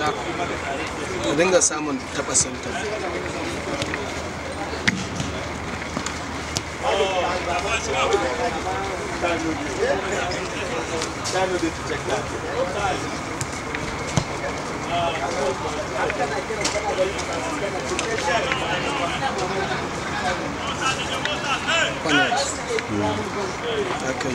ta a dinga samun tafasinta Panas. Akan.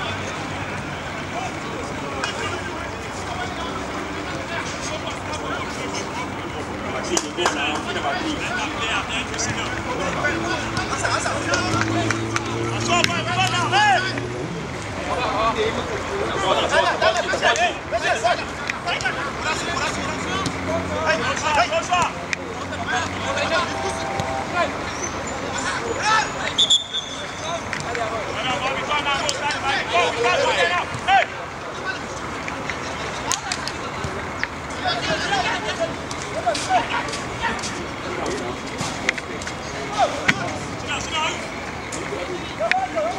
Go, go, go, go.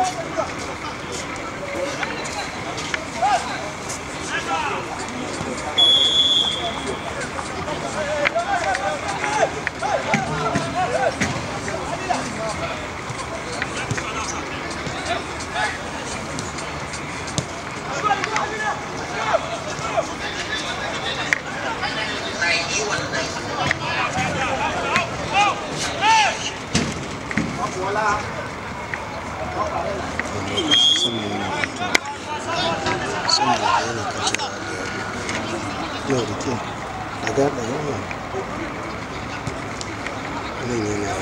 Let's go! yau rike daga da yawa nan yana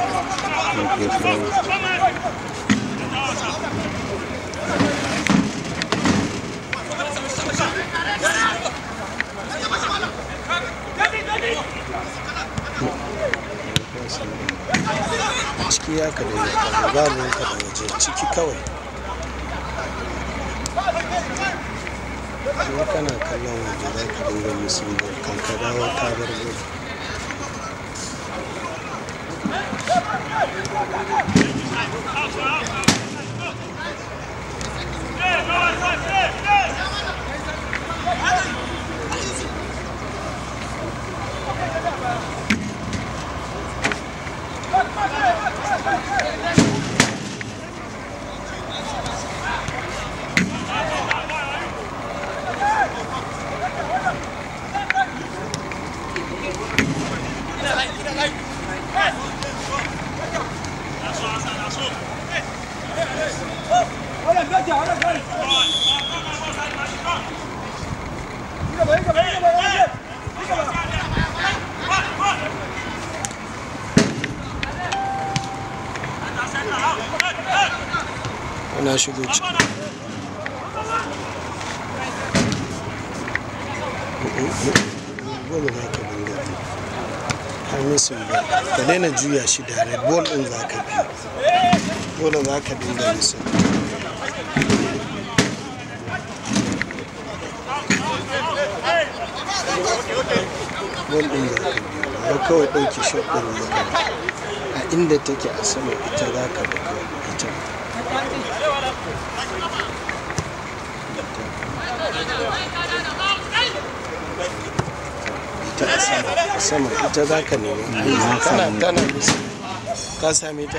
ciki ya ka yi babu waje ciki kawai in kana kallon waje za ka dinga musu biyar kan ka dawo ta bar gudu Hey, hey, hey, hey, hey, hey. Наши лучше. Gol za ka banga Hamisu ba ka daina juya shi da red ball din za ka bi. Gol za ka dinga musu. wani ɗin ya ya kawai ɗauki shot ɗin ya a inda take a sama ita za ka buga ita ita a sama a sama ita za ka nemi kana kana ka sami ta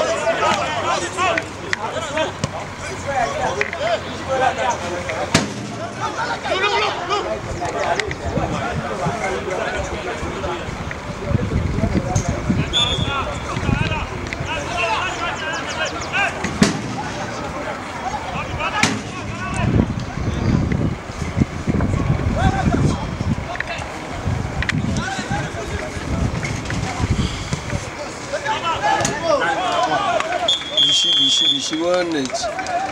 Bishop, Bishop, Bishop, one.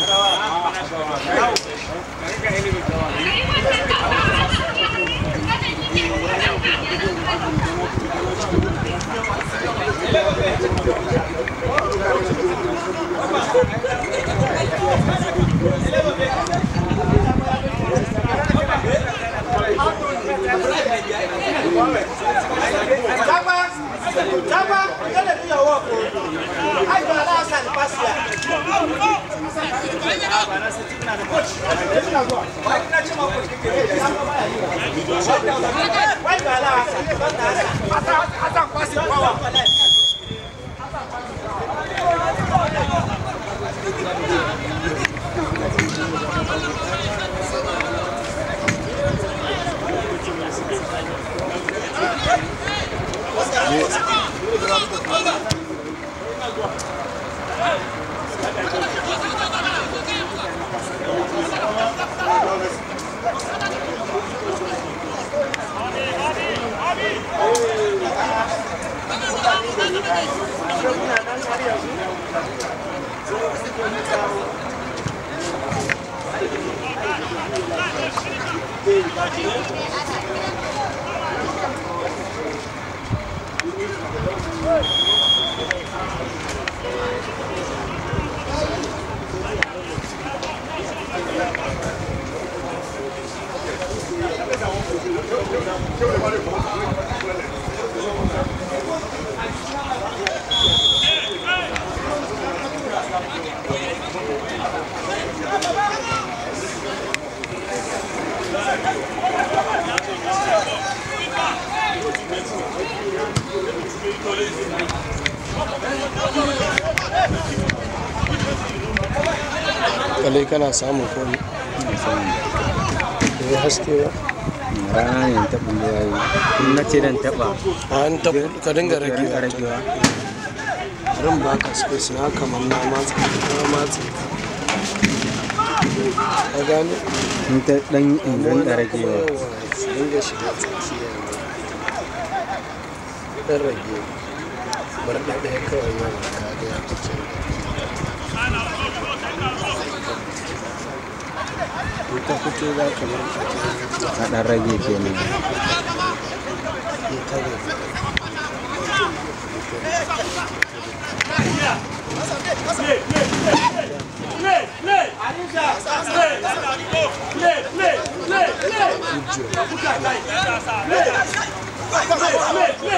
Não, não, não. Why you you the pass? pass? Dama, yẹlẹ ti yọwọ ko. Ayiwa ala asan ni pasi ya. Ayiwa ala asan ni pasi ya. kalai kana samun samun da ya haske ba rana ne taɓa da yayi in na ce dan taɓa a ah, an taɓa ka dinga ragewa ran ba ka space na kamar na matsa na matsa ka gane in ta dan in dinga ragewa dinga shiga tsaki ɗan rage barɗaɗe kawai yau kaga ya fi cin in ta fito za ka manta ta ɗan rage kenan in ta rage Play, play, play, play, play, play, play, play, play,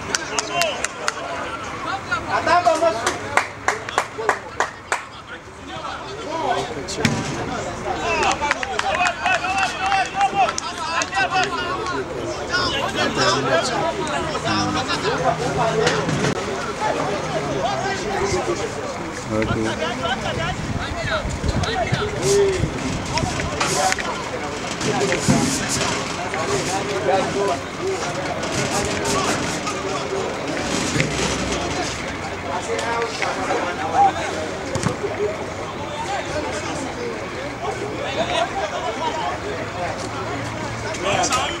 Let's go.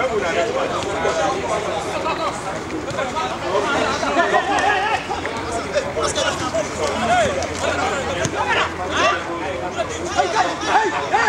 はい、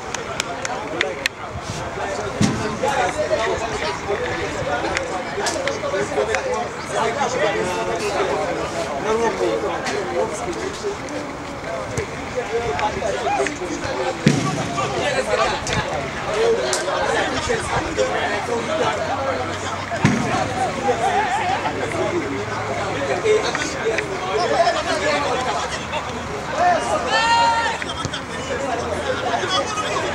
Let's go!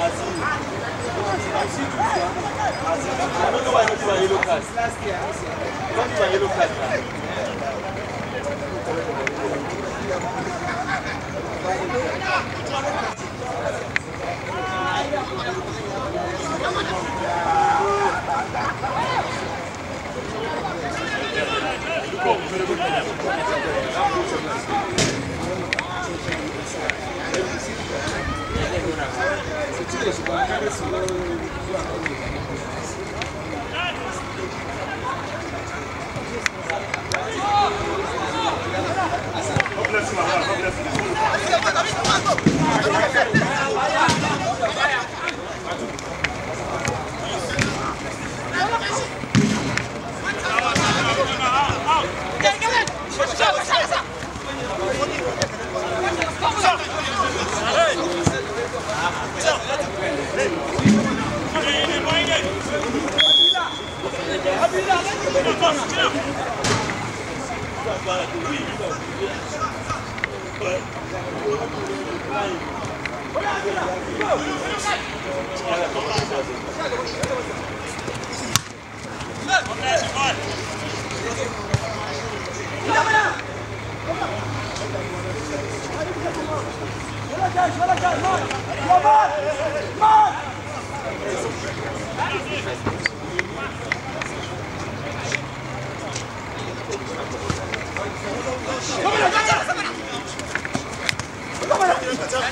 I don't know why I don't do a yellow card. Last year, I don't do a yellow card. Thank you. da su ba kare su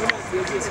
здесь,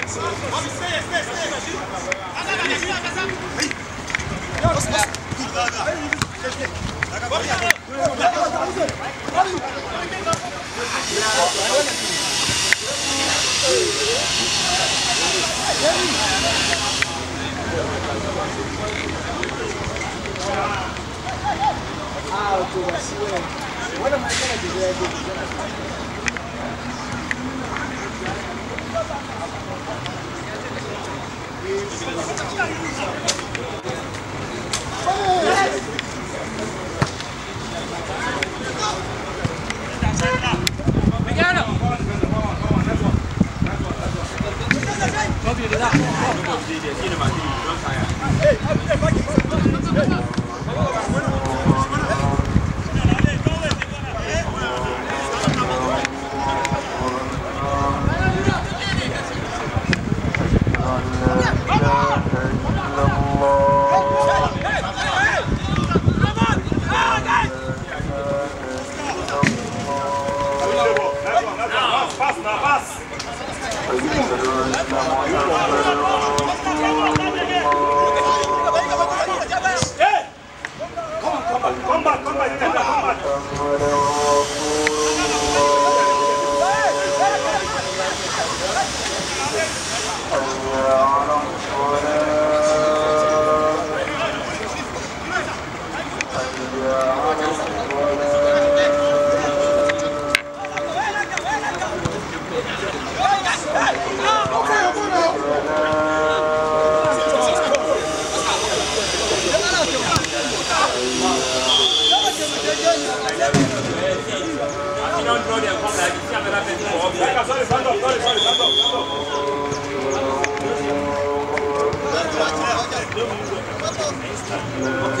Ok.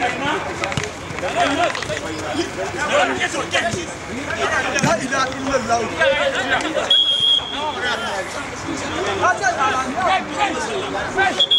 لا اله الا الله